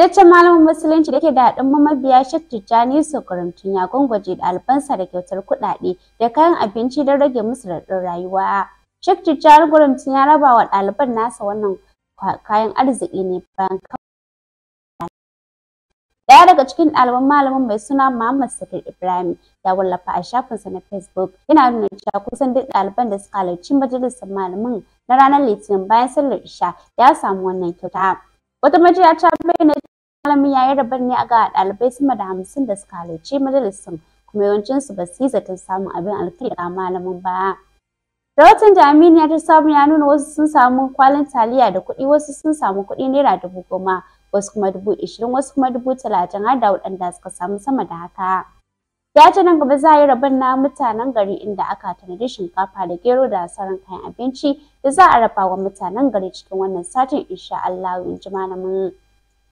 fitaccen malamin musulunci da ke da haɗin mabiya Sheikh su Sukurimtun ya gwangwaje ɗalibansa da kyautar kuɗaɗe da kayan abinci don rage musu raɗin rayuwa. Sheikh Tijjani Gurumtun ya raba wa ɗaliban nasa wannan kayan arziki ne bayan Daya daga cikin ɗaliban malamin mai suna Muhammad Sakir Ibrahim ya wallafa a shafinsa na Facebook yana nuna cewa kusan duk ɗaliban da suka halarci majalisar malamin na ranar Litinin bayan sallar Isha ya samu wannan kyauta. Wata majiya ta bayyana Malamin ya yi rabon ne ga ɗalibai sama da hamsin da suka halarci majalisun kuma yawancinsu ba su yi zaton samun abin alkhairi a malamin ba. Rahoton da Aminiya ta samu ya nuna wasu sun samu kwalin taliya da kuɗi, wasu sun samu kuɗi naira dubu goma, wasu kuma dubu ishirin, wasu kuma dubu talatin har da waɗanda suka samu sama da haka. Ya ce nan gaba za a yi rabon na mutanen gari inda aka tanadi shinkafa da gero da sauran kayan abinci da za a raba wa mutanen gari cikin wannan satin insha Allah in ji malamin.